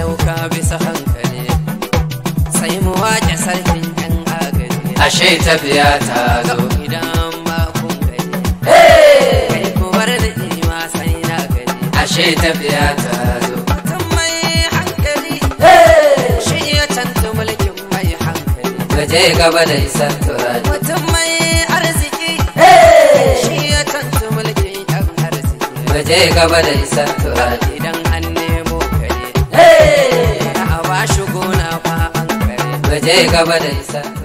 ɗauka bisa hankali sai mu wace sarkin ɗan agani ashe tafiya ta zo idan ba kun gani kai kuwar da ima sai na gani ashe tafiya ta zo mutum mai hankali shi ya canta mulkin mai hankali je gaba da isar turani mutum mai arziki shi ya canta mulkin ɗan arziki je gaba da isar idan je gaba da